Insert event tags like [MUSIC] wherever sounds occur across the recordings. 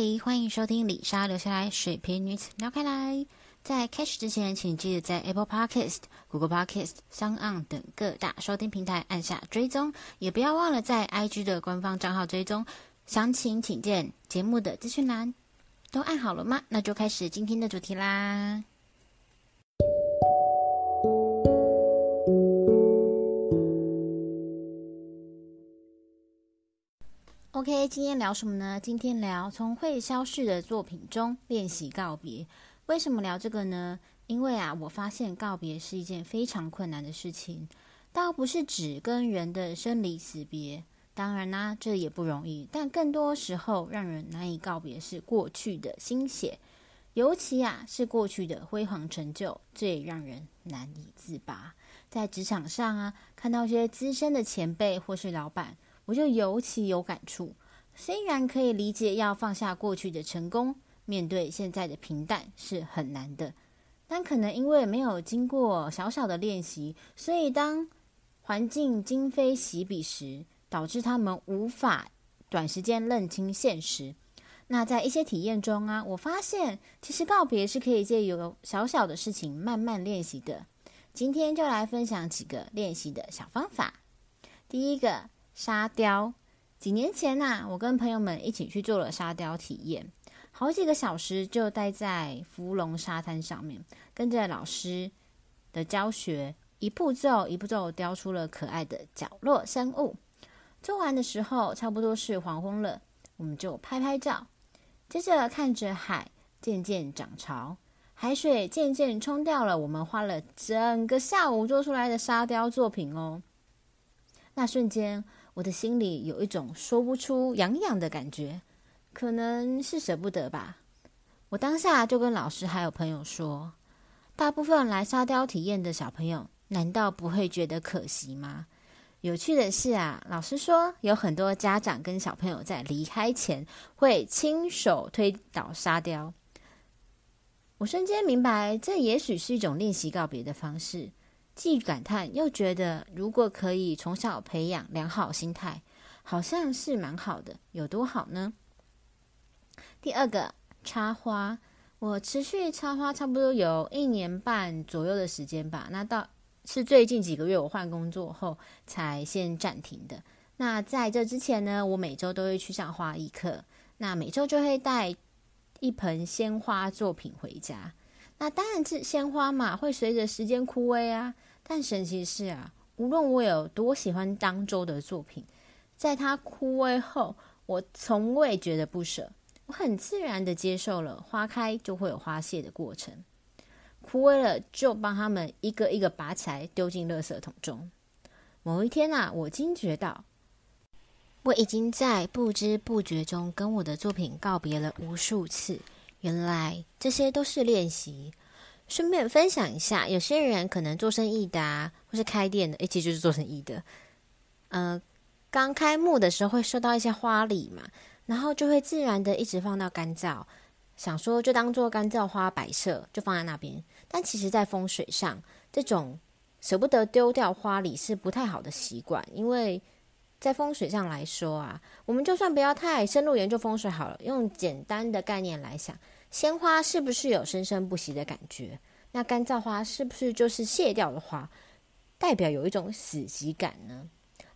歡迎收聽李莎留下來，水瓶女子聊開來。在開始之前，請記得在 Apple Podcast、Google Podcast、SoundOn 等各大收聽平台按下追蹤，也不要忘了在 IG 的官方賬號追蹤。詳情請見節目的資訊欄。都按好了嗎？那就開始今天的主題啦。Okay, 今天聊什麼呢？今天聊從會消逝的作品中練習告別。為什麼聊這個呢？因為啊，我發現告別是一件非常困難的事情。倒不是指跟人的生離死別，當然啦、啊，這也不容易。但更多時候，讓人難以告別是過去的心血，尤其啊，是過去的輝煌成就，最讓人難以自拔。在職場上啊，看到一些資深的前輩或是老闆。我就尤其有感觸。雖然可以理解要放下過去的成功，面對現在的平淡是很難的，但可能因為沒有經過小小的練習，所以當環境今非昔比時，導致他們無法短時間認清現實。那在一些體驗中啊，我發現其實告別是可以借由小小的事情慢慢練習的。今天就來分享幾個練習的小方法。第一個，沙雕，幾年前吶、啊，我跟朋友們一起去做了沙雕體驗，好幾個小時就待在福隆沙灘上面，跟着老師的教學，一步驟一步驟雕出了可愛的角落生物。做完的時候，差不多是黃昏了，我們就拍拍照，接着看着海漸漸漲潮，海水漸漸沖掉了我們花了整個下午做出來的沙雕作品哦。那瞬間。我的心裡有一種說不出癢癢的感覺，可能是捨不得吧。我當下就跟老師還有朋友說：“大部分來沙雕體驗的小朋友，難道不會覺得可惜嗎？”有趣的是啊，老師說有很多家長跟小朋友在離開前會親手推倒沙雕。我瞬間明白，這也許是一種練習告別的方式。既感嘆又覺得，如果可以從小培養良好心態，好像是蠻好的。有多好呢？第二個插花，我持續插花差不多有一年半左右的時間吧。那到是最近幾個月我換工作後才先暫停的。那在這之前呢，我每週都會去上花藝課，那每週就會帶一盆鮮花作品回家。那當然是鮮花嘛，會隨着時間枯萎啊。但神奇是啊，無論我有多喜歡當周的作品，在它枯萎後，我從未覺得不舍。我很自然地接受了花開就會有花謝的過程，枯萎了就幫他們一個一個拔起來，丟進垃圾桶中。某一天啊，我驚覺到，我已經在不知不覺中跟我的作品告別了無數次。原來這些都是練習。順便分享一下，有些人可能做生意的，啊，或是開店的，其實就是做生意的。呃，剛開幕的時候會收到一些花禮嘛，然後就會自然的一直放到乾燥，想說就當做乾燥花擺設，就放在那邊。但其實在風水上，這種舍不得丟掉花禮是不太好的習慣，因為在風水上來說啊，我們就算不要太深入研究風水好了，用簡單的概念來想。鮮花是不是有生生不息的感覺？那乾燥花是不是就是謝掉的花，代表有一種死寂感呢？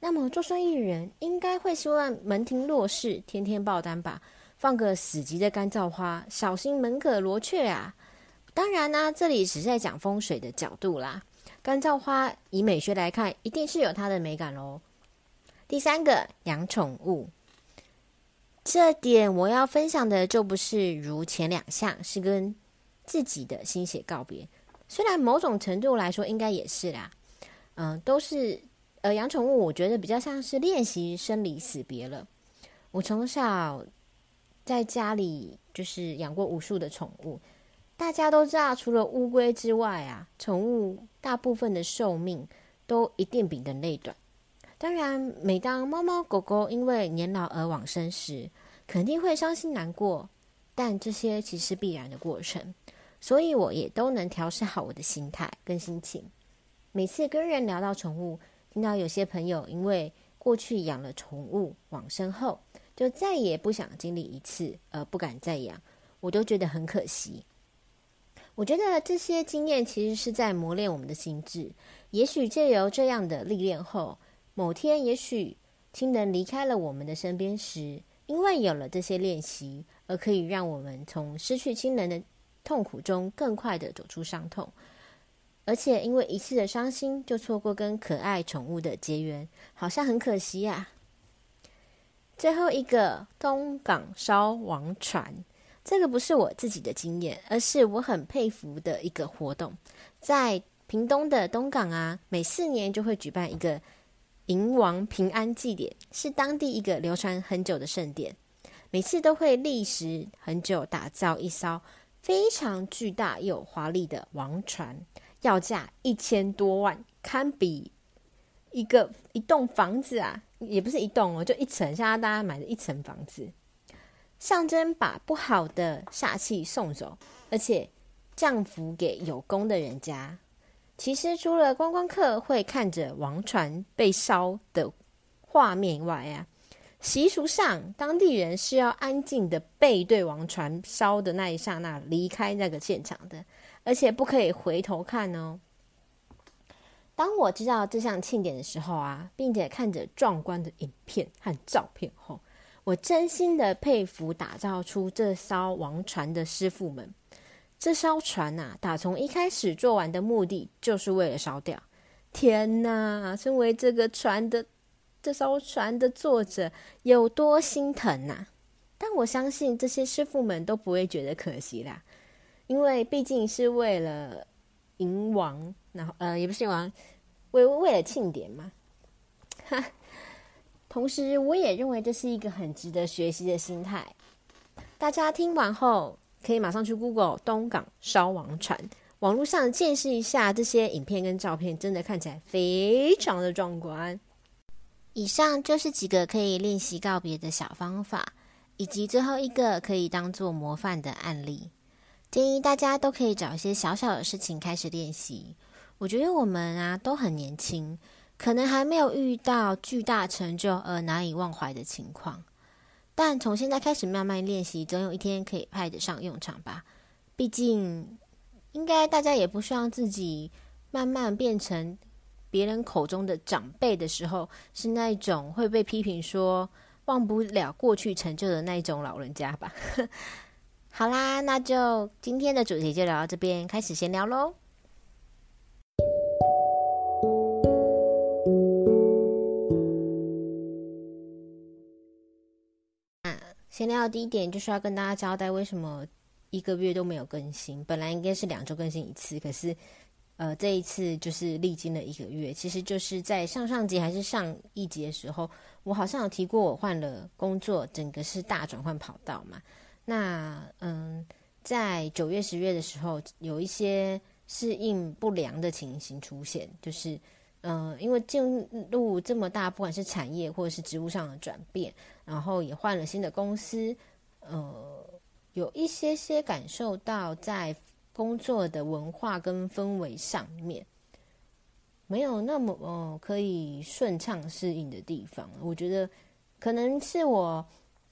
那麼做生意人應該會希望門庭若市，天天爆單吧？放個死寂的乾燥花，小心門可羅雀啊！當然啦、啊，這裡只是在講風水的角度啦。乾燥花以美學來看，一定是有它的美感咯。第三個，養寵物。這點我要分享的就不是如前兩項，是跟自己的心血告別，雖然某種程度來說應該也是啦，嗯，都是呃養寵物，我覺得比較像是練習生離死別了。我從小在家裡就是養過無數的寵物，大家都知道，除了烏龜之外啊，寵物大部分的壽命都一定比人類短。當然，每當貓貓狗狗因為年老而往生時，肯定會傷心難過。但這些其實必然的過程，所以我也都能調適好我的心態跟心情。每次跟人聊到寵物，聽到有些朋友因為過去養了寵物往生後，就再也不想經歷一次，而不敢再養，我都覺得很可惜。我覺得這些經驗其實是在磨練我們的心智，也許借由這樣的歷練後。某天，也許親人離開了我們的身邊時，因為有了這些練習，而可以讓我們從失去親人的痛苦中更快地走出傷痛。而且，因為一次的傷心，就錯過跟可愛寵物的結緣，好像很可惜呀、啊。最後一個東港燒王船，這個不是我自己的經驗，而是我很佩服的一個活動，在屏東的東港啊，每四年就會舉辦一個。迎王平安祭典是當地一個流傳很久的盛典，每次都會歷時很久，打造一艘非常巨大又華麗的王船，要價一千多萬，堪比一個一棟房子啊，也不是一棟哦，就一層，像大家買的一層房子，象徵把不好的煞氣送走，而且降福給有功的人家。其實除了觀光客會看着王船被燒的畫面以外啊，習俗上，當地人是要安靜的背對王船燒的那一剎那離開那個現場的，而且不可以回頭看哦。當我知道這項慶典的時候啊，並且看着壯觀的影片和照片後，我真心的佩服打造出這艘王船的師傅們。這艘船吶、啊，打從一開始做完的目的，就是為了燒掉。天吶，身為這個船的這艘船的作者，有多心疼吶、啊！但我相信這些師傅們都不會覺得可惜啦，因為畢竟是為了迎王，然後呃，也不是迎王，為為了慶典嘛。哈，同時我也認為這是一個很值得學習的心態。大家聽完後。可以馬上去 Google 東港燒王船，網絡上見識一下這些影片跟照片，真的看起來非常的壯觀。以上就是幾個可以練習告別的小方法，以及最後一個可以當做模範的案例。建議大家都可以找一些小小的事情開始練習。我覺得我們啊都很年輕，可能還沒有遇到巨大成就而難以忘懷的情況。但從現在開始慢慢練習，總有一天可以派得上用場吧。畢竟，應該大家也不希望自己慢慢變成別人口中的長輩的時候，是那種會被批評說忘不了過去成就的那種老人家吧。 [LAUGHS] 好啦，那就今天的主題就聊到這邊，開始閒聊嘍。先聊第一點，就是要跟大家交代為什麼一個月都沒有更新。本來應該是兩周更新一次，可是呃，這一次就是歷經了一個月。其實就是在上上集還是上一集的時候，我好像有提過我換了工作，整個是大轉換跑道嘛。那嗯，在九月十月的時候，有一些適應不良的情形出現，就是。嗯、呃，因為進入這麼大，不管是產業或者是職務上的轉變，然後也換了新的公司，呃，有一些些感受到在工作的文化跟氛圍上面，沒有那麼、呃、可以順暢適應的地方。我覺得可能是我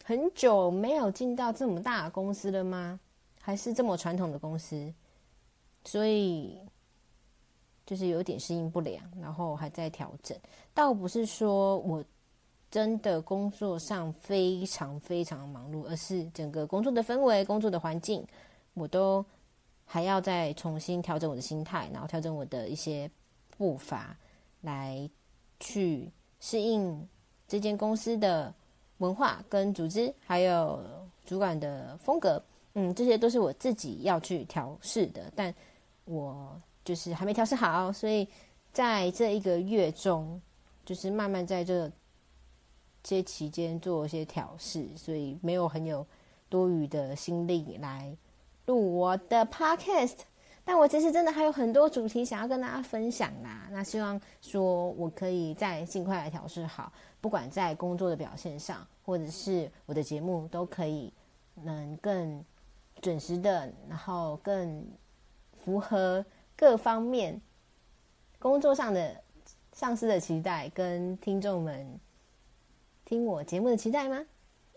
很久沒有進到這麼大的公司了嗎？還是這麼傳統的公司？所以。就是有點適應不良，然後還在調整。倒不是說我真的工作上非常非常忙碌，而是整個工作的氛圍、工作的環境，我都還要再重新調整我的心態，然後調整我的一些步伐，來去適應這間公司的文化跟組織，還有主管的風格。嗯，這些都是我自己要去調試的，但我。就是還沒調試好，所以在這一個月中，就是慢慢在這這期間做一些調試，所以沒有很有多餘的心力來錄我的 podcast。但我其實真的還有很多主題想要跟大家分享啦，那希望說我可以再盡快來調試好，不管在工作的表現上，或者是我的節目，都可以能更準時的，然後更符合。各方面工作上的上司的期待，跟聽眾們聽我節目的期待嗎。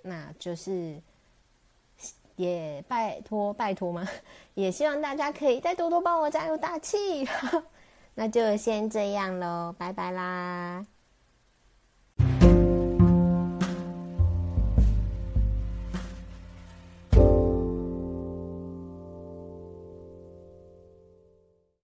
那就是也拜託拜託嘛，也希望大家可以再多多幫我加油打氣。那就先這樣嘍，拜拜啦！